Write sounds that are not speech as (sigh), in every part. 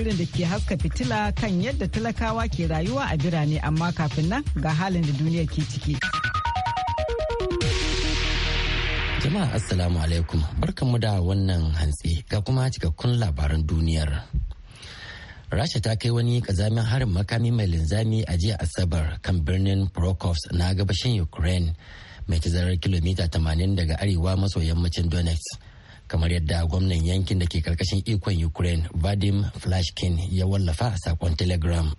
shirin da ke haska fitila kan yadda talakawa ke rayuwa a birane amma kafin nan ga halin da duniya ke ciki. Jama'a Assalamu alaikum barkanmu da wannan hantsi ga kuma cikakkun labaran duniyar. Rasha ta kai wani kazamin harin makami mai linzami a jiya Asabar kan birnin Prokofs na gabashin Ukraine mai tazarar kilomita 80 daga arewa maso yammacin Donetsk. kamar yadda gwamnan yankin da ke karkashin ikon ukraine vadim flashkin ya wallafa a sakon telegram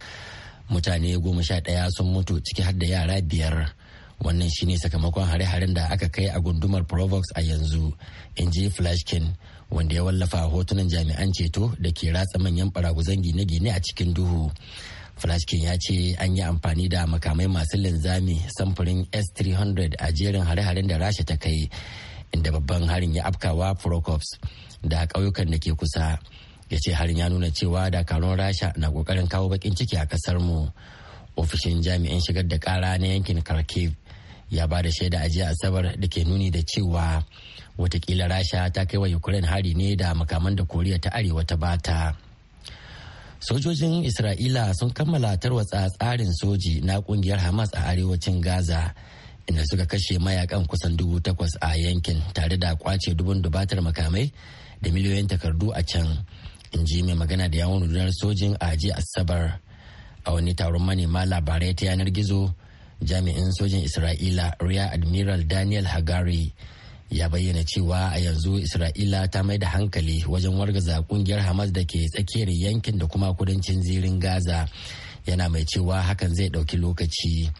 mutane goma sha ɗaya sun mutu ciki har da yara biyar wannan shine sakamakon hare-haren da aka kai a gundumar provox a yanzu in ji flashkin wanda ya wallafa hotunan jami'an ceto da ke ratsa manyan baraguzan gine-gine a cikin duhu Flashkin ya ce an yi amfani da makamai masu linzami samfurin S-300 a jerin hare-haren da Rasha ta kai inda babban harin ya afkawa prokops da ƙauyukan da ke kusa ya ce harin ya nuna cewa dakarun rasha na ƙoƙarin kawo bakin ciki a ƙasar mu ofishin jami'in shigar da ƙara na yankin kharkiv ya ba da shaida a asabar da ke nuni da cewa watakila rasha ta kai wa ukraine hari ne da makaman da koriya ta arewa ta bata sojojin isra'ila sun kammala tarwatsa tsarin soji na kungiyar hamas a arewacin gaza inda suka kashe mayakan kusan dubu takwas a yankin tare da kwace dubun dubatar makamai da miliyoyin takardu a can in ji mai magana da yawon rundunar sojin a jiya asabar a wani taron manema labarai ta yanar gizo jami'in sojin isra'ila rear admiral daniel hagari ya bayyana cewa a yanzu isra'ila ta mai da hankali wajen wargaza kungiyar hamas da ke tsakiyar yankin da kuma kudancin zirin gaza yana mai cewa hakan zai ɗauki lokaci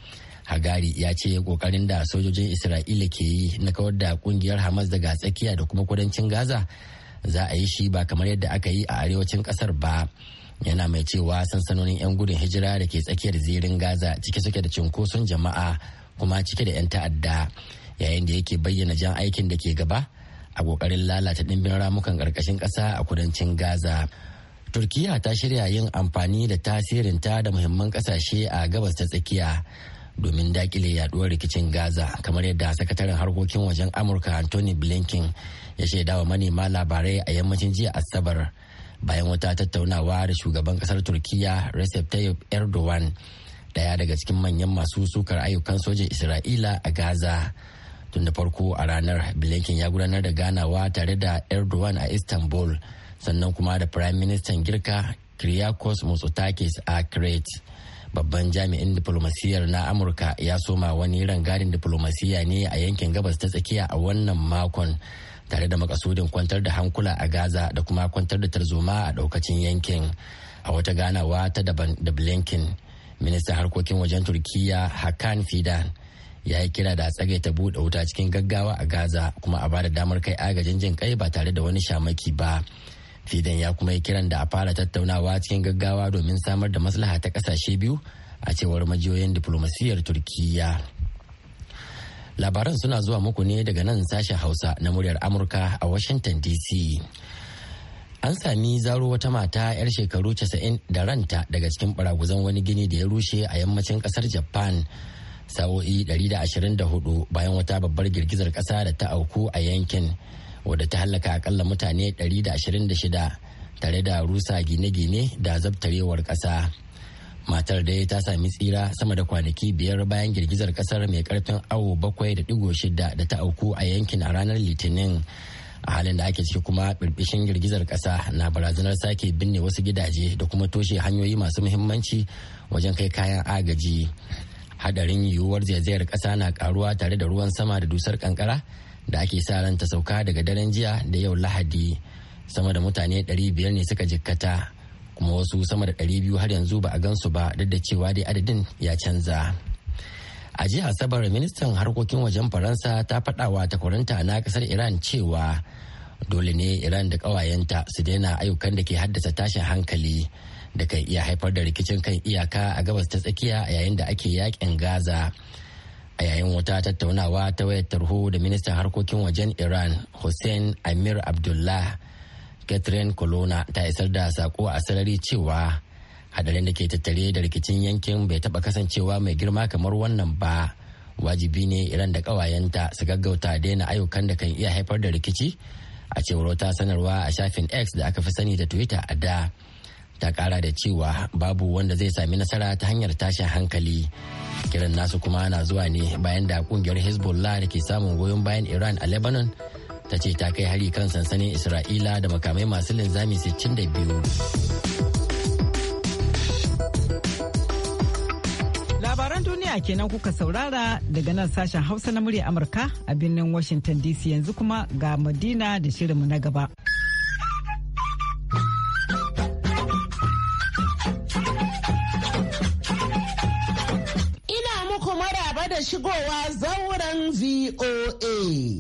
Hagari ya ce kokarin da sojojin Isra'ila ke yi na kawar da kungiyar Hamas daga tsakiya da kuma kudancin Gaza za a yi shi ba kamar yadda aka yi a arewacin kasar ba. Yana mai cewa sansanonin 'yan gudun hijira da ke tsakiyar zirin Gaza cike suke da cunkoson jama'a kuma cike da 'yan ta'adda yayin da yake bayyana jan aikin da ke gaba a kokarin lalata ɗimbin ramukan ƙarƙashin ƙasa a kudancin Gaza. Turkiya ta shirya yin amfani da tasirinta da muhimman ƙasashe a gabas ta tsakiya domin dakile yaduwar rikicin gaza kamar yadda sakataren harkokin wajen amurka anthony blinken ya shaidawa manema labarai a yammacin jiya asabar bayan wata tattaunawa da shugaban kasar turkiya recep tayyip erdogan daya daga cikin manyan masu sukar ayyukan sojin isra'ila a gaza tun da farko a ranar blinken ya gudanar da ganawa tare da erdogan a istanbul sannan kuma da prime minister girka kyriakos mitsotakis a crete babban jami'in diplomasiyyar na amurka ya soma wani rangadin diplomasiyya ne a yankin gabas ta tsakiya a wannan makon tare da makasudin kwantar da hankula a gaza da kuma kwantar da tarzoma a daukacin yankin a wata ganawa ta daban da blinken ministan harkokin wajen turkiyya hakan fidan ya yi kira da tsage ta buɗe wuta cikin gaggawa a gaza kuma a ba da damar kai agajin jin kai ba tare da wani shamaki ba fidan ya kuma yi kiran da a fara tattaunawa cikin gaggawa domin samar da maslaha ta kasashe biyu a cewar majiyoyin diflomasiyyar turkiyya labaran suna zuwa muku ne daga nan sashen hausa na muryar amurka a washington dc an sami zaro wata mata 'yar shekaru 90 da ranta daga cikin baraguzan wani gini da ya rushe a yammacin kasar japan sa'o'i 124 bayan wata babbar girgizar kasa da ta auku a yankin. wadda ta hallaka akalla mutane 126 tare da rusa gine-gine da zabtarewar ƙasa matar dai ta sami tsira sama da kwanaki biyar bayan girgizar kasar mai karfin awo 7.6 da ta auku a yankin a ranar litinin a halin da ake ciki kuma birbishin girgizar kasa na barazanar sake binne wasu gidaje da kuma toshe hanyoyi masu muhimmanci wajen kai kayan agaji hadarin yiwuwar zaizayar kasa na karuwa tare da ruwan sama da dusar kankara da ake sa ran ta sauka daga daren jiya da yau lahadi sama da mutane 500 ne suka jikkata kuma wasu sama da 200 har yanzu ba a gansu ba duk da cewa dai adadin ya canza a jiya asabar ministan harkokin wajen faransa ta faɗawa takwaranta na ƙasar iran cewa dole ne iran da ƙawayenta su daina ayyukan da ke haddasa tashin hankali da kan iya haifar da rikicin kan iyaka a gabas ta tsakiya yayin da ake yakin gaza a yayin wata tattaunawa ta wayar tarho da ministan harkokin wajen iran hussein amir abdullah catherine colonna ta isar da sako a sarari cewa hadarin da ke tattare da rikicin yankin bai taba kasancewa mai girma kamar wannan ba wajibi ne iran da kawayenta su gaggauta daina ayyukan da kan iya haifar da rikici a cewar wata sanarwa a shafin x da aka fi sani da twitter a da ta kara da cewa babu wanda zai sami nasara ta hanyar tashin hankali kiran nasu kuma na zuwa ne bayan da kungiyar hezbollah da ke samun goyon bayan iran a lebanon ta ce ta kai hari kan sansanin isra'ila da makamai masu linzami 62 labaran duniya kenan kuka saurara daga nan sashen hausa na murya amurka a birnin washington dc yanzu kuma ga madina da shirinmu na gaba.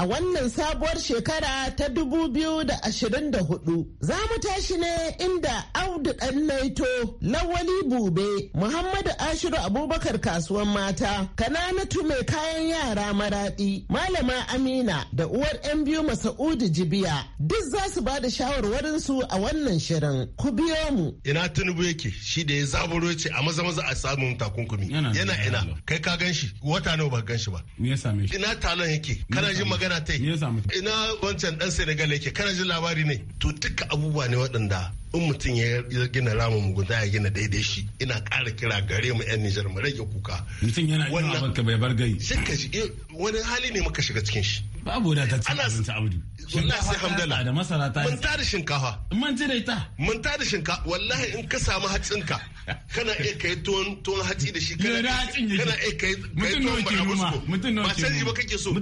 a wannan sabuwar shekara ta 2024. Za mu tashi ne inda Audu Ɗannaito, Lawali Bube, Muhammadu Ashiru Abubakar kasuwan mata, Kananatu mai kayan yara maraɗi, Malama Amina da uwar 'yan biyu Masa'udu Jibiya duk za su ba da shawarwarinsu a wannan shirin. Ku biyo mu. Ina tunubu yake shi da ya zaburo ce a maza maza a samun takunkumi. Yana ina. Kai ka gan shi wata nawa ba gan shi ba. Me ya same shi? Ina talon yake. Kana jin magana yana ta yi ina wancan dan senegal yake kana jin labari ne to duka abubuwa ne waɗanda in mutum ya gina ramin mugunta ya gina daidai shi ina ƙara kira gare mu yan Nijar mu rage kuka mutum yana yin abin ka bai bar gai eh, wani hali ne muka shiga cikin shi babu da ta cikin abinci abdu wallahi sai hamdala da masara ta mun tada shinkafa mun ji da ita mun tada shinkafa wallahi in ka samu hatsinka kana iya kai tuwon tuwon hatsi da shi kana kana iya kai kai tuwon barabusko mutum nawa ke noma ba kake so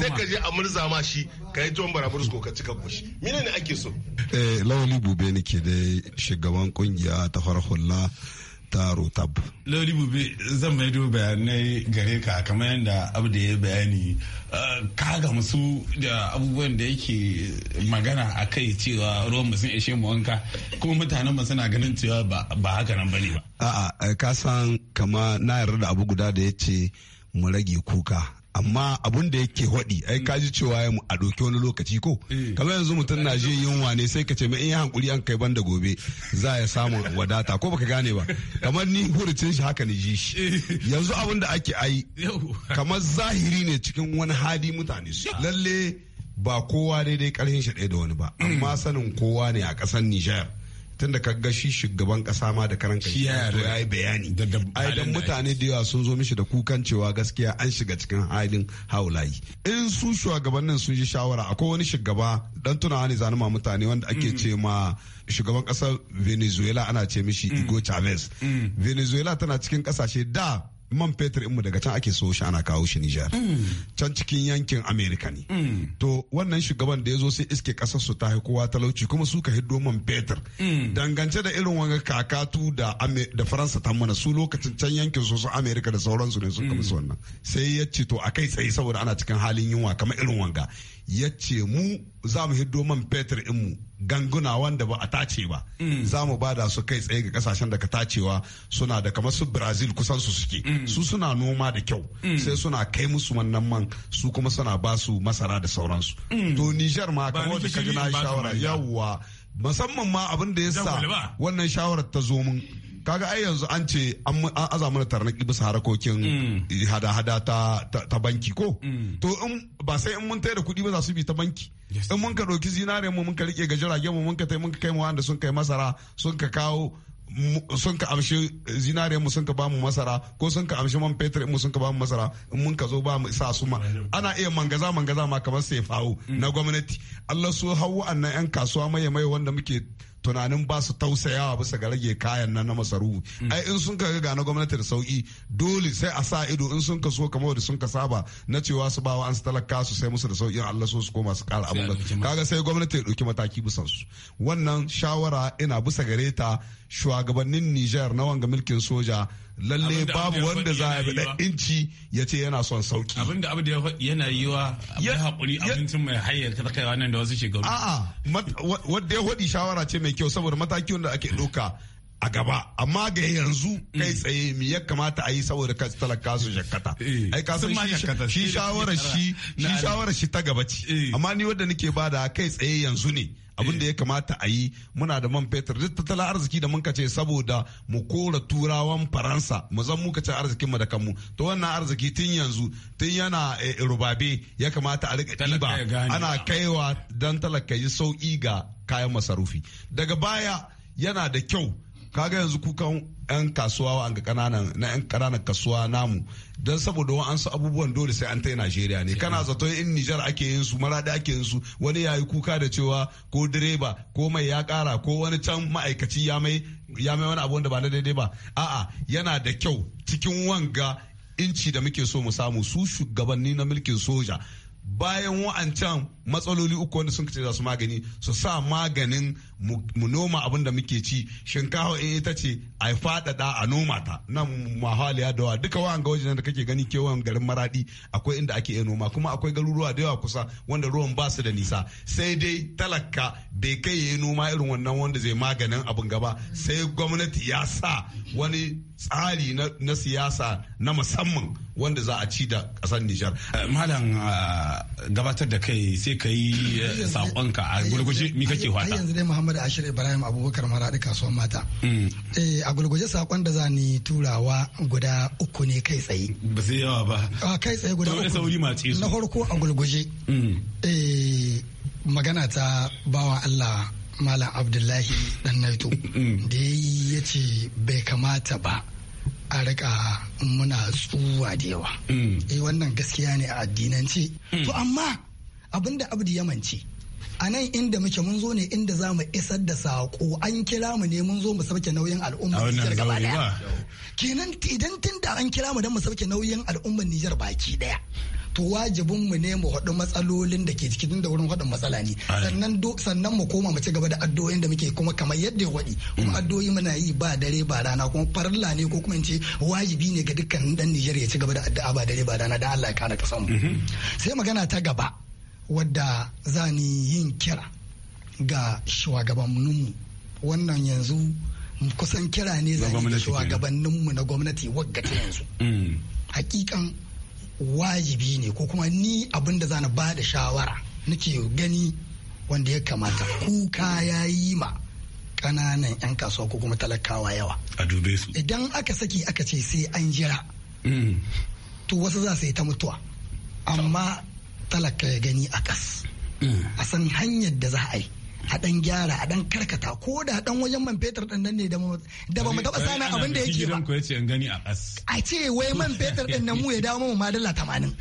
sai ka je a murza ma shi kai tuwon barabusko ka cika goshi menene ake so eh lawali bube ne shi dai shugaban kungiya ta farhulla ta rotab. lori Bube zan maido bayanai gare ka kamar yadda abda ya bayani eh, ka ga su da abubuwan da yake magana a kai cewa ruwan sun ishe mu wanka kuma mutanen mu suna ganin cewa ba haka nan bane ba. A'a ka san kama na yarda da abu guda da ya ce mu rage kuka amma abun da yake hodi ai ka ji cewa a doke wani lokaci ko eh. kamar yanzu mutum na je yunwa ne sai ka ce mai in hankuri an kai da gobe za ya samu wadata ko baka gane ba kamar ni hurucin shi haka ne ji shi eh. yanzu abun da ake ai kamar zahiri ne cikin wani hadi mutane su lalle ba kowa daidai karhin shi ɗaya da wani ba amma sanin kowa ne a ƙasar Nijar tun da kaga shi shugaban kasa ma da karan kai ya yi bayani ai dan mutane da yawa sun zo mishi da kukan cewa gaskiya an shiga cikin halin haulayi in su shugabannin sun yi shawara akwai wani shugaba dan tunawa ne zanuma mutane wanda ake mm. ce ma shugaban kasar venezuela ana ce mishi mm. igo chavez mm. venezuela tana cikin kasashe da man fetur inmu daga can ake so shi ana kawo shi Nijar. Mm. Can cikin yankin Amerika ne. Mm. To wannan shugaban da ya zo sai iske kasar su ta kowa talauci kuma su ka hiddo man fetur. Mm. Dangance da irin wanga kakatu da Faransa ta mana su lokacin can yankin su su Amerika da sauransu ne sun kama su wannan. Sai ya ce to a kai tsaye saboda ana cikin halin yunwa kamar irin wanga. Ya ce mu za mu hiddo man fetur inmu ganguna wanda ba a tace ba mm. za mu bada su kai tsaye ga kasashen da ka tacewa suna da kamar su brazil kusan su suke mm. su suna noma da kyau mm. sai suna kai musu wannan man su kuma suna ba su masara da sauransu to niger ma kamar da ka ji shawara yawwa musamman ma abin da ya sa wannan shawarar ta zo mun kaga ai yanzu an ce an aza mana tarnaki bisa harakokin mm. hada-hada ta banki ko mm. to in ba sai in mun da kuɗi ba za su bi ta banki in mun ka ɗauki zinare mu mun ka rike ga mu mun ka tai mun ka kai mu wanda sun kai masara sun ka kawo sun ka amshi zinare mu sun ka ba mu masara ko sun ka amshi man fetur mu sun ka ba mu masara in mun ka zo ba mu sa su ma ana iya mangaza mangaza ma kamar sai fawo mm. na gwamnati Allah su hawo annan yan kasuwa mai maye wanda muke tunanin ba su tausayawa bisa ga rage kayan nan na masaru mm. ai in sun kaga ga na gwamnati da sauki dole sai a sa ido in sun so kamar da sun ka saba na cewa su bawa an talaka su sai musu da sauki Allah so su koma su kara abun kaga sai gwamnati ya dauki mataki bisa su wannan shawara ina bisa gare ta shugabannin Niger na wanga mulkin soja lalle babu wanda za a da inci ya ce yana son sauki abinda da abu da yana yiwa ya haƙuri abincin mai hayyar ta kaiwa nan da wasu shekaru a'a wadda ya shawara ce mai kyau saboda matakin da ake ɗauka a gaba amma ga yanzu mm. kai tsaye me ya kamata a yi saboda ka talaka su shakata eh. ai ka san shi shawarar shi shi shawara shi ta gaba ce eh. amma ni wanda nake bada kai tsaye yanzu ne abin da eh. ya kamata a yi muna da man fetur duk tattalin arziki da muka ce saboda mu kora turawan faransa mu zan muka ce mu da kanmu to wannan arziki tun yanzu tun yana rubabe ya kamata a rika ɗiba ana kaiwa dan talaka yi sauƙi ga kayan masarufi daga baya yana da kyau kaga yanzu kukan yan kasuwa wa ga kananan na yan kananan kasuwa namu don saboda wa'ansu abubuwan dole sai an ta yi Najeriya ne kana zato in Nijar ake yin su maradi ake yin su wani yayi kuka da cewa ko direba ko mai ya kara ko wani can ma'aikaci ya mai ya mai wani abu wanda ba na daidai ba a'a yana da kyau cikin wanga inci da muke so mu samu su shugabanni na mulkin soja bayan wa'ancan matsaloli uku wanda sun kace za su magani su sa maganin mu noma abin da muke ci shinkawa in eh, ita ce a faɗaɗa a noma ta nan mahali ya dawa duka wa'an ga wajen da kake gani kewayen garin maradi akwai inda ake iya noma kuma akwai garuruwa da yawa kusa wanda ruwan ba su da nisa sai dai talaka bai kai yi noma irin wannan wanda zai maganin abin gaba sai gwamnati ya sa wani tsari na siyasa na musamman wanda za a ci da kasar Nijar. Eh, Malam ah, gabatar da kai sai ka yi eh, saƙonka a gulguje mi kake wata. yanzu dai Muhammad Ashir Ibrahim Abubakar Maradi kasuwar mata. Mm. Eh, a gulguje saƙon da za ni turawa guda uku ne kai tsaye. Ba sai yawa ba. Ah, kai tsaye guda uku. Na farko a gulguje. Mm. magana ta bawa Allah Malam Abdullahi dan Naito da ya ce bai kamata ba a rika muna tsuwa da yawa. Mm. Eh wannan gaskiya ne a addinance. Mm. To amma abinda Abdi ya mance. a nan inda muke mun zo ne inda za mu isar da saƙo an kira mu ne mun zo mu sauke nauyin al'ummar Nijar gaba daya kenan idan tun da an kira mu don mu sauke nauyin al'ummar Nijar baki daya to wajibin mu ne mu haɗu matsalolin da ke cikin da wurin haɗin matsala ne sannan mu koma mu ci gaba da addu'o'in da muke kuma kamar yadda ya waɗi kuma mm. addu'o'i muna yi ba dare ba rana kuma farilla ne ko kuma in ce wajibi ne ga dukkan ɗan Nijar ya ci gaba da addu'a ba dare ba rana da Allah ya kara kasan mu mm-hmm. sai magana ta gaba wadda za ni yin kira ga shugabanninmu wannan yanzu kusan kira ne zan shugabanninmu na gwamnati wagga ta yanzu mm. hakikan wajibi ne ko kuma ni abin da zana ba da shawara nake gani wanda ya kamata kuka ya yi ma ƙananan 'yan kasuwa ko kuma talakawa yawa a dube su idan aka saki aka ce sai an jira mm. to wasu za su yi ta mutuwa amma talaka ya gani a kas mm. a san hanyar da za a yi a dan gyara a dan karkata ko da dan wajen man fetur din nan ne da ba mu taba sana abin da yake ba a ce wai man fetur din nan mu ya dawo mu ma dala 80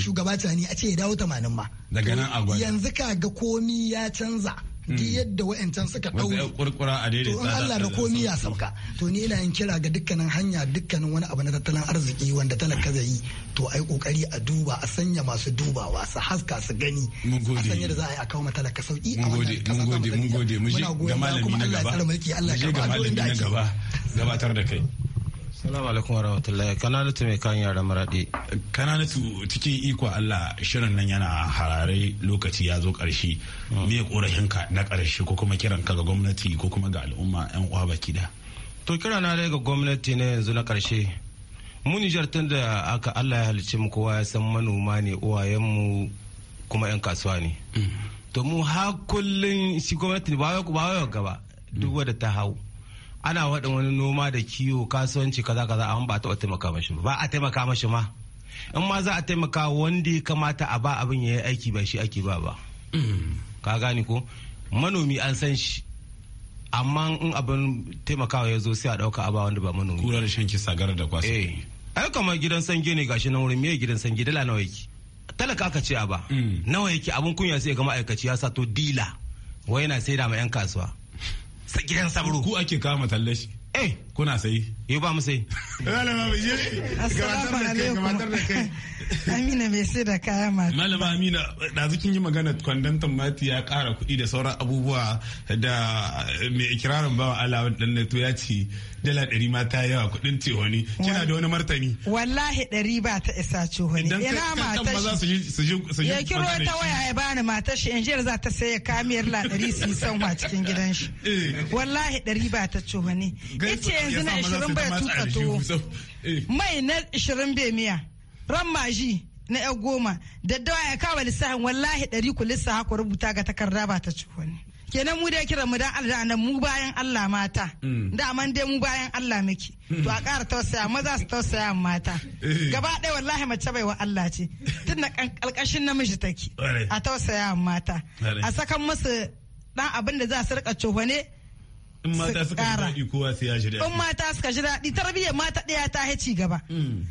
shugaba tani a ce ya dawo 80 ma daga nan yanzu ga komi ya canza duk hmm. yadda wa'ancan suka ɗaure kurkura a daidai to Allah da komi ya sauka to ni ina yin kira ga dukkanin hanya dukkanin wani abu na tattalin arziki wanda talaka zai yi to ai kokari a duba a sanya masu dubawa su haska su gani a sanya da za a yi a kawo matalaka sauki a wannan kasa mun gode mun gode na Allah ya gaba gabatar da kai Salamu alaikum warahmatullahi kananatu mai kan yara maraɗi. Kananatu cikin iko Allah shirin nan yana harare lokaci ya zo ƙarshe. Hmm. Me ƙorafinka na ƙarshe ko kuma kiranka ga gwamnati ko kuma ga al'umma 'yan uwa baki da. To kira na dai ga gwamnati ne yanzu na ƙarshe. Mu Nijar tun da aka Allah ya halicci mu kowa ya san manoma ne uwayenmu kuma 'yan kasuwa ne. Hmm. To mu ha kullum shi gwamnati ba wai gaba duk hmm. wadda ta hau. ana waɗin wani noma da kiwo kasuwanci kaza kaza amma ba a taɓa taimaka mashi ba a taimaka mashi ma in ma za a taimaka wanda ya kamata a ba abin ya yi aiki ba shi ake ba ba ka gane ko manomi an san shi amma in abin taimakawa ya zo sai a ɗauka aba wanda ba manomi kura da shan kisa gara da kwasa eh ai kamar gidan sange ne gashi nan wurin me gidan sange dala nawa yake talaka aka ce a ba mm. nawa yake abin kunya sai ga ma'aikaci ya sato dila wai yana da ma yan kasuwa gidan sabro ku ake kama tallashi eh kuna sayi yau ba mu sayi amina mai sai da kaya masu. malama amina da kin yi magana kwandon tambati ya kara kuɗi da sauran abubuwa da mai ikirarin bawa Allah dan to ya ci dala ɗari ma ta yawa kuɗin tihoni kina da wani martani wallahi ɗari ba ta isa tihoni ina mata shi ya kiro ta waya ya bani mata shi in za ta saye kamiyar la ɗari su yi sanwa cikin gidan shi (laughs) eh. wallahi ɗari ba ta tihoni yace yanzu na 20 bai tuka tuwo eh. mai na 20 bai miya ran maji na yan goma daddawa ya kawo lissafin wallahi ɗari ku lissafa ku rubuta ga takarda ba ta ci wani kenan mu dai kiran mu dan Allah nan mu bayan Allah mata mm. da man dai mu bayan Allah miki to a ƙara tausaya maza su tausaya mata eh. gaba ɗaya wallahi mace bai wa Allah ce tun da ƙalƙashin namiji take a tausaya mata a sakan musu dan abin da za su rika cohone in mata suka ji daɗi kowa sai ya ji daɗi in mata suka ji daɗi tarbiyyar mata ɗaya ta ci gaba mm.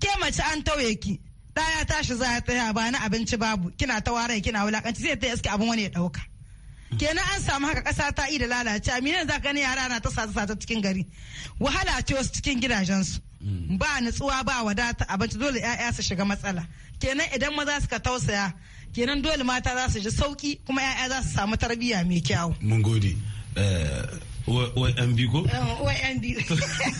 ke mace an tauye ki ɗaya tashi za ta ba na abinci babu kina ta ware kina wulakanci zai ta iske abin wani ya ɗauka kenan an samu haka ƙasa ta yi da lalace aminan za ka gani yara na ta sata sata cikin gari wahala ce wasu cikin gidajensu mm. ba nutsuwa ba wadata abinci dole 'ya'ya su shiga matsala kenan idan maza suka tausaya kenan dole mata za su ji sauki kuma 'ya'ya za su samu tarbiyya mai kyau mun gode 呃。OMB ko? Eh, OMB.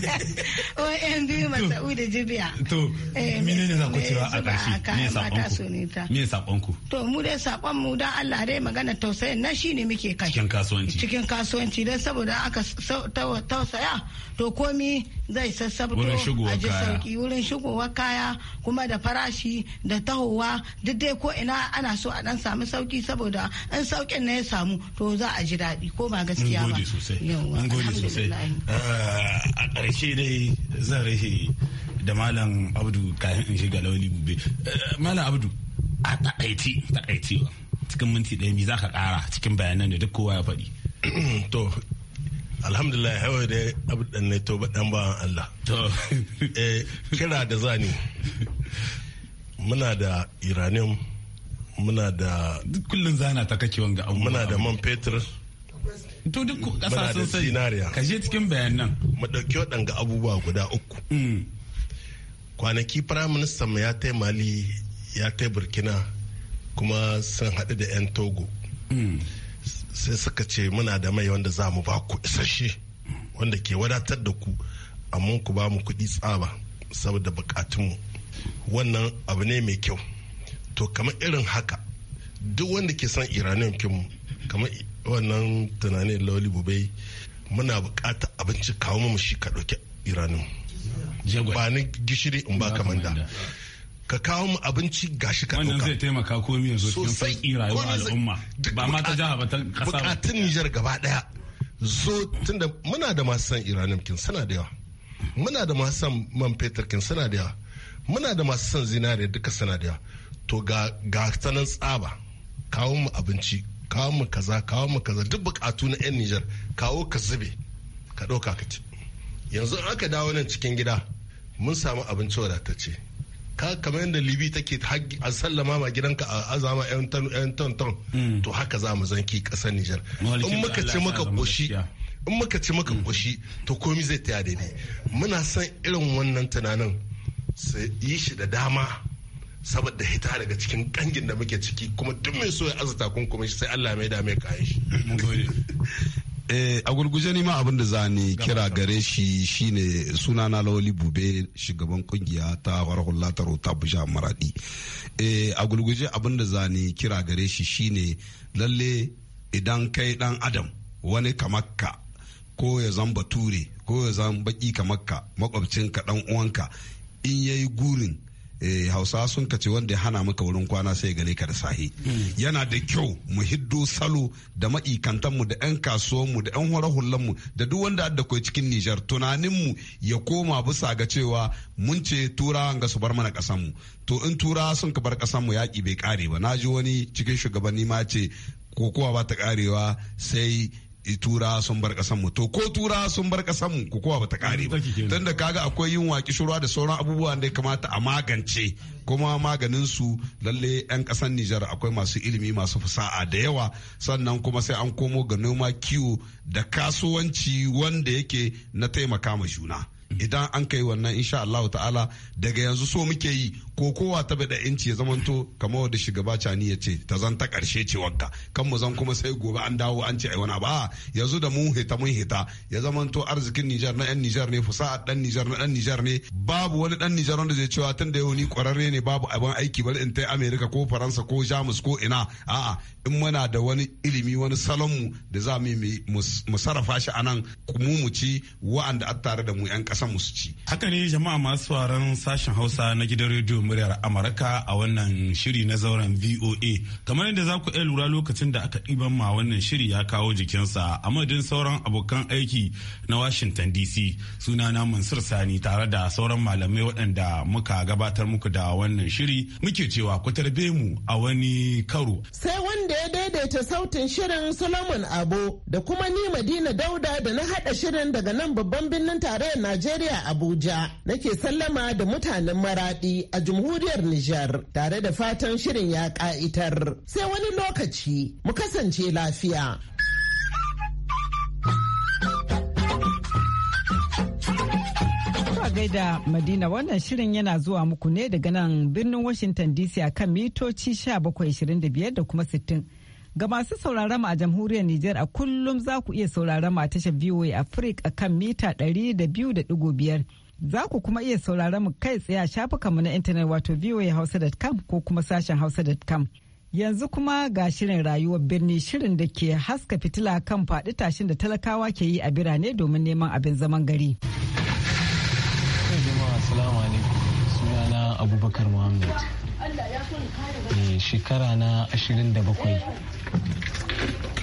(laughs) OMB Masa'u da Jibiya. To, eh, mene ne za ku eh, a ƙarshe? Me ne Me saƙonku? To, mu dai saƙonmu don Allah dai magana tausayin na shi ne muke kai. Cikin kasuwanci. Cikin kasuwanci don saboda aka tausaya to komi zai sassabto a ji sauki wurin shigowa kaya kuma da farashi da tahowa duk dai ko ina ana so a dan samu sauki saboda in saukin na ya samu to za a ji daɗi ko ba gaskiya ba. mun gode sosai ah, a ƙarshe dai zan rahe da malam abdu kayan in shiga lauli bube eh, malam abdu a takaici takaicewa cikin minti ɗaya mi za ka ƙara cikin bayanan da duk kowa ya faɗi (clears throat) to alhamdulillah hawa da abdan ne to dan ba Allah To (laughs) eh, kira da zani muna da uranium muna da kullun zana ta kake wanga muna da man fetur to duk ƙasa sun ka je cikin bayanan mu ɗauki waɗanga abubuwa guda uku mm. kwanaki Prime firaministan ya tai mali ya tai burkina kuma sun haɗu da 'yan togo mm. sai suka ce muna da mai wanda za mu ba ku isasshe wanda ke wadatar da ku amma ku ba mu kuɗi tsaba saboda bukatunmu wannan abu ne mai kyau to kamar irin haka duk wanda ke son iranian kamar wannan tunanin lauli bubai muna bukata abinci kawo mu shi ka ɗauki iranin ba ni gishiri in ba kamanda ka kawo mu abinci gashi ka dauka wannan zai taimaka komi yanzu cikin sauƙi rayuwar al'umma ba ma ta jaha ba ta kasa ba bukatun Nijar gaba daya. zo tunda muna da masu san iranin kin suna da yawa muna da masu san man fetur kin suna da yawa muna da masu san zinare duka suna da yawa to ga ga tsanan tsaba kawo mu abinci kawo mu kaza kawo mu kaza duk bukatu na yan Nijar kawo ka zube ka ɗauka ka ci yanzu aka dawo nan cikin gida mun samu abinci wadatacce ka kamar yadda libi take a sallama ma gidanka a azama yan ton ton mm. to haka za mu zanki kasar Nijar in muka ci maka koshi in muka ci muka koshi mm. to komi zai taya daidai muna son irin wannan tunanin su yi shi da dama saboda hita daga cikin kangin da muke ciki kuma duk mai so ya azuta kunkuma shi sai Allah mai mai kayan shi eh, a gurguje ni ma abin da za kira gare shi shine suna na lawali bube shugaban kungiya ta warhulla ta rota busha maradi eh, a gurguje abin da za kira gare shi shine lalle idan kai dan adam wani kamar ka ko ya zan bature ko ya zan baki kamar ka makwabcinka dan uwanka in yayi gurin Eh, hausa sun kace wanda ya hana maka wurin kwana sai gare ka da sahi mm. yana da kyau mu hiddo salo da ma'ikantan mu da yan kasuwan mu da yan hulahullan mu da duk wanda da kai cikin Nijar tunanin mu ya koma bisa ga cewa mun ce turawan ga su bar mana kasan mu to in tura sun ka bar kasan mu yaki bai kare ba naji wani cikin shugabanni ma ce kokowa ba ta karewa sai tura sun bar kasan mu to ko tura sun bar kasan mu ko kowa bata kare ba dan da kaga akwai yin waki shura da sauran abubuwan da ya kamata a magance kuma maganin su lalle yan kasan Nijar akwai masu ilimi masu fasaha da yawa sannan kuma sai an komo ga noma kiwo da kasuwanci wanda yake na taimaka ma juna idan an kai wannan insha Allah ta'ala daga yanzu so muke yi ko kowa ta bada inci ya zamanto kamar wanda shugaba cani ya ce ta zan ta karshe ce wanka kan mu zan kuma sai gobe an dawo an ce ai wani ba yanzu da mun hita mun hita ya zamanto arzikin Nijar na yan Nijar ne fusa dan Nijar na dan Nijar ne babu wani dan Nijar wanda zai cewa tun da yau ni kwararre ne babu abin aiki bari in tai America ko Faransa ko Jamus ko ina a'a in muna da wani ilimi wani salon mu da za mu mu sarrafa shi anan mu mu ci wa'anda a tare da mu yan kasa mu su ci haka ne jama'a masu sauraron sashen hausa na gidan rediyo muryar amurka a wannan shiri na zauren voa kamar yadda za ku iya lura lokacin da aka ɗiban ma wannan shiri ya kawo jikinsa a madadin sauran abokan aiki na washington dc sunana mansur sani tare da sauran malamai waɗanda muka gabatar muku da wannan shiri muke cewa ku tarbe mu a wani karo sai wanda ya daidaita sautin shirin solomon abo da kuma ni madina dauda da na haɗa shirin daga nan babban birnin tarayyar najeriya Najeriya Abuja nake sallama da mutanen Maradi a Jamhuriyar Nijar tare da fatan shirin ya ka'itar. Sai wani lokaci mu kasance lafiya. gaida Madina wannan shirin yana zuwa muku ne daga nan birnin Washington DC a kan mitoci 1725 da kuma 60. Ga masu sauraron a jamhuriyar Nijar a kullum za ku iya sauraron a tashar VOA Africa kan mita 200.5. Za ku kuma iya sauraron mu kai tsaye a mu na intanet wato voahausa.com ko kuma sashen hausa.com. Yanzu kuma ga shirin rayuwar birni shirin da ke haska fitila kan faɗi tashin da talakawa ke yi a birane domin neman abin zaman gari. Sunana Abubakar Muhammad. Eh, shekara na 27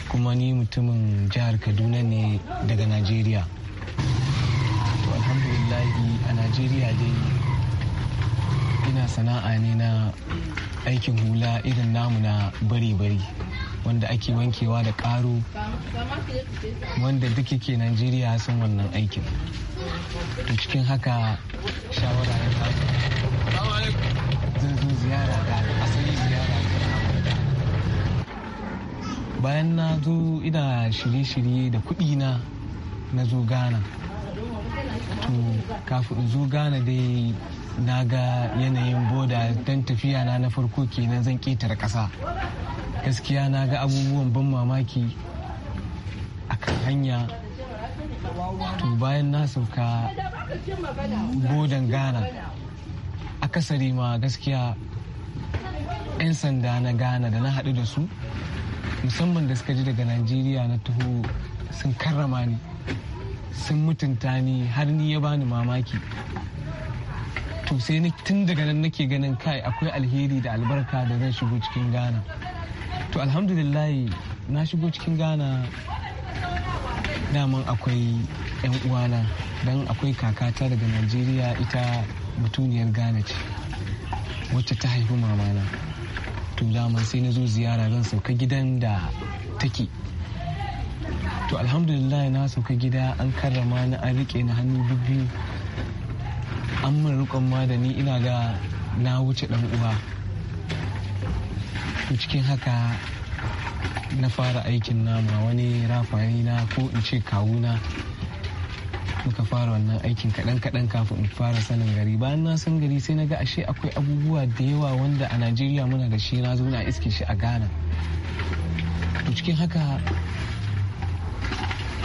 kuma ni mutumin jihar kaduna ne daga najeriya to alhamdulillahi a najeriya dai ina sana'a ne na aikin hula irin namu na bari-bari wanda ake wankewa da karo wanda duk yake najeriya sun wannan aikin to cikin haka shawara ya zan zo ziyara da bayan na zo ina shirye-shirye da kuɗi na na zo ghana to kafin zo ghana dai na ga yanayin boda don tafiya na na farko kenan zan ƙetare ƙasa gaskiya na ga abubuwan ban mamaki a kan hanya to bayan na sauka bodan ghana akasari ma gaskiya 'yan sanda na ghana da na haɗu da su musamman da suka ji daga najeriya na taho sun karrama ni sun mutunta ni har ni ya bani mamaki to sai tun daga nan nake ganin kai akwai alheri da albarka da zan shigo cikin ghana to alhamdulillahi na shigo cikin ghana daman akwai 'yan uwana don akwai kakata daga najeriya ita mutuniyar ghana ce wacce ta haifi mamana to daman sai na zo ziyara zan sauka gidan da take to alhamdulillah na sauka gida an karrama na an rike na hannu biyu an mun rikon ma da ni ina ga na wuce dan uwa to cikin haka na fara aikin nama wani rafani na ko in ce kawuna muka fara wannan aikin kaɗan kaɗan kafin in fara sanin gari bayan na san gari sai na ga ashe akwai abubuwa da yawa wanda a najeriya muna da shi na zo na iske shi a ghana to cikin haka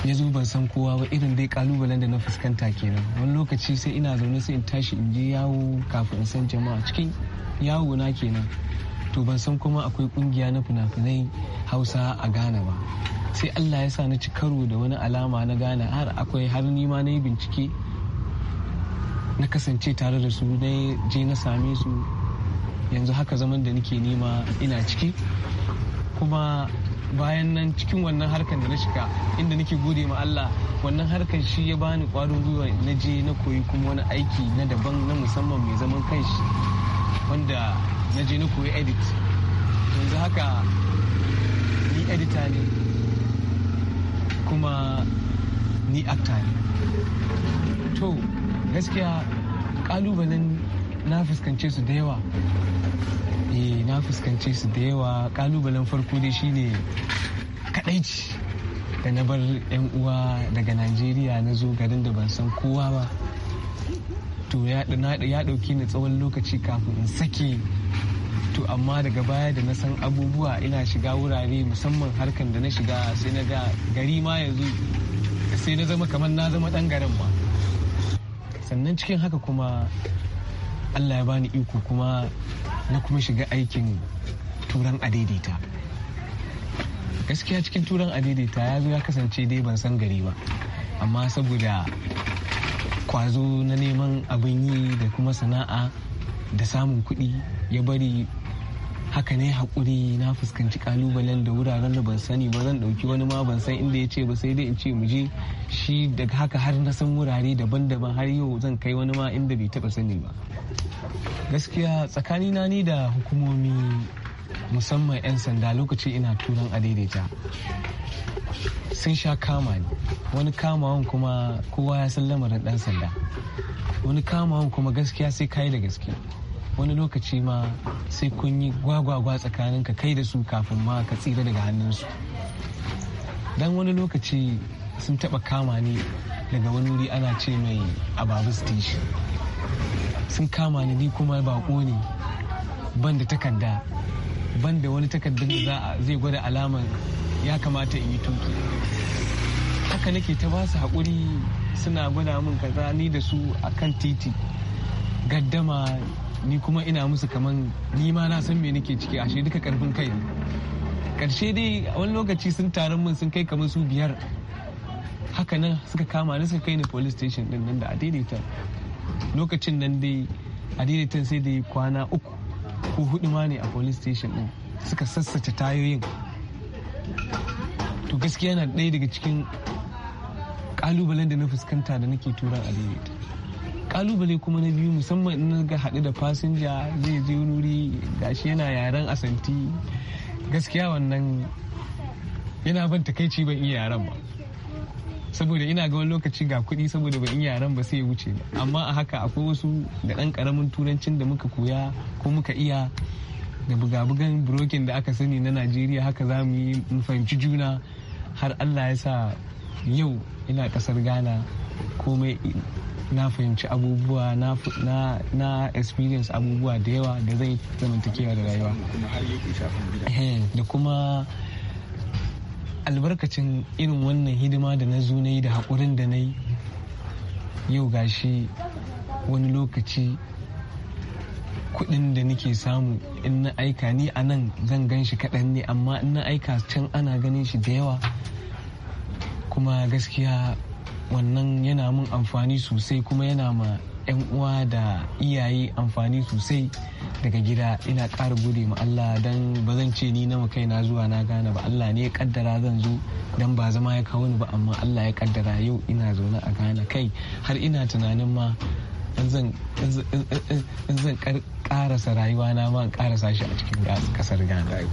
ya zo ban san kowa ba irin dai kalubalen da na fuskanta kenan wani lokaci sai ina zaune sai in tashi in je yawo kafin in san jama'a cikin yawo na kenan to ban san kuma akwai kungiya na fina-finai hausa a ghana ba sai allah ya sa na ci karo da wani alama na gane har akwai har nima na yi bincike na kasance tare da su na je na same su yanzu haka zaman da nake nema ina ciki kuma bayan nan cikin wannan harkar da na shiga inda nake gode ma Allah wannan harkar shi ya bani kwarin gwiwa na je na koyi kuma wani aiki na daban na musamman mai zaman kanshi wanda na je na koyi edit yanzu haka ni edita ne kuma ni akta ne to gaskiya kalubalen na fuskance su da yawa eh na fuskance su da yawa kalubalen farko dai shine kadaici da na bar yan uwa daga najeriya na zo garin da ban san kowa ba to ya dauki na tsawon lokaci kafin in sake to amma daga baya da na san abubuwa ina shiga wurare musamman harkan da na shiga sai na ga gari ma yanzu sai na zama kamar na zama dan garin ma sannan cikin haka kuma allah ya bani iko kuma na kuma shiga aikin turan adaidaita gaskiya cikin turan adaidaita ya zo ya kasance dai ban san gari ba amma saboda kwazo na neman abin yi da kuma sana'a da samun kuɗi ya bari haka ne hakuri na fuskanci kalubalen da wuraren da ban sani ba zan ɗauki wani ma ban san inda ya ce ba sai dai in ce mu je shi daga haka har na san wurare daban-daban har yau zan kai wani ma inda bai taɓa sani ba gaskiya tsakanina ni da hukumomi musamman 'yan sanda lokaci ina turan a daidaita sun sha kama ne wani kamawan kuma kowa ya san lamarin dan sanda wani kamawan kuma gaskiya sai kayi da gaske wani lokaci ma sai kun yi gwagwagwa tsakanin ka kai da su kafin ma ka tsira daga hannunsu dan wani lokaci sun taba kama ni daga wani wuri ana ce mai ababu station sun kama ni ni kuma bako ne ban da takarda ban da wani takardar da zai gwada alamar ya kamata in yi tuki haka nake ta ba su haƙuri suna gwada min kaza ni da su akan titi gaddama ni kuma ina musu kaman ni ma na san me nake ciki ashe duka karfin kai karshe dai wani lokaci sun taron mun sun kai kamar su biyar haka nan suka kama ni suka kai ni police station din nan da a lokacin nan dai a sai da kwana uku ko hudu ma ne a police station din suka sassace tayoyin to gaskiya yana ɗaya daga cikin kalubalen da na fuskanta da nake turan a kalubale kuma na biyu musamman in ga haɗu da fasinja zai je wuri gashi yana yaren asanti gaskiya wannan yana ban takaici ban iya yaren ba saboda ina ga wani lokaci ga kuɗi saboda ban iya yaren ba sai wuce amma a haka akwai wasu da ɗan karamin turancin da muka koya ko muka iya da buga-bugan brokin da aka sani na najeriya haka za mu yi mu fahimci juna har allah ya sa yau ina kasar ghana komai na fahimci abubuwa na experience abubuwa da yawa da zai zamantakewa da rayuwa eh, da kuma albarkacin irin wannan hidima da na zo na yi da haƙurin da na yi yau shi wani lokaci kuɗin da nake samu in na aika ni a nan zan gan shi kaɗan ne amma in na aika can ana ganin shi da yawa kuma gaskiya wannan yana mun amfani sosai kuma yana ma 'yan uwa da iyaye amfani sosai daga gida ina kara gode ma Allah don ba zan ce ni na mu kai na zuwa na gane ba Allah ne ya kaddara zan zo don ba zama ya kawo ni ba amma Allah ya kaddara yau ina zaune a gane kai har ina tunanin ma in zan ƙarasa rayuwa na ma ƙarasa shi a cikin ƙasar Ghana.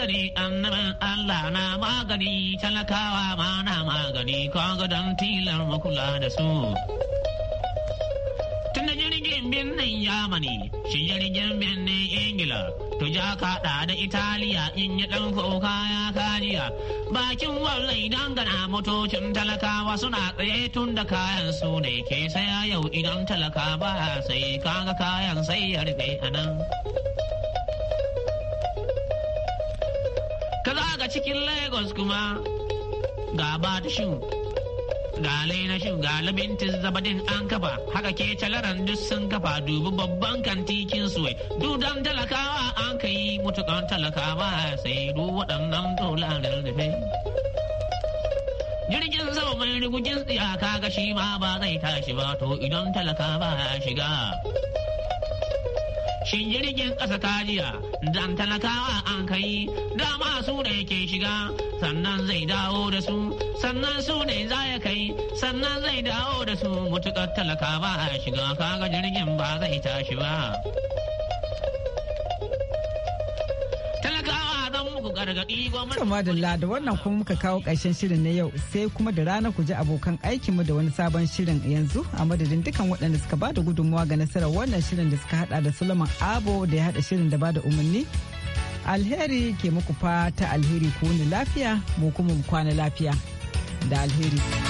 magani annaban Allah na magani talakawa ma na magani kaga don tilar makula da su. Tun da jirgin birnin Yamani, shi jirgin birnin Ingila, ja kaɗa da Italiya in yi ɗan kuka ya kariya, Bakin wallo idan gana motocin talakawa suna tsaye tun da kayan su ne ke saya yau idan talaka ba sai kaga kayan sai ya rufe a nan. cikin Lagos kuma ga Batshin, ga shu. ga Labintis Zabadin an kafa, haka ke talaran duk sun kafa dubi babban kantikin suwai. Dudan talakawa an kai yi mutukan talakawa sai du waɗannan tolanar da Jirgin sama mai rigujin tsiyaka ga shi ma ba zai tashi ba to idan talakawa ya shiga. Shin jirgin ƙasa ta jiya, dan talakawa an kai, da masu da yake shiga, sannan zai dawo da su, sannan su ne za ya kai, sannan zai dawo da su mutuƙar talaka ba a shiga, kaga jirgin ba zai tashi ba. Kama da wannan kuma muka kawo ƙarshen shirin na yau sai kuma da rana ku ji abokan aikinmu da wani sabon shirin yanzu a madadin dukan waɗanda suka ba da gudunmawa ga nasarar wannan shirin da suka haɗa da Suleiman Abo da ya haɗa shirin da ba da umarni. Alheri ke muku fata alheri ku wani lafiya mu kuma mu kwana lafiya da alheri.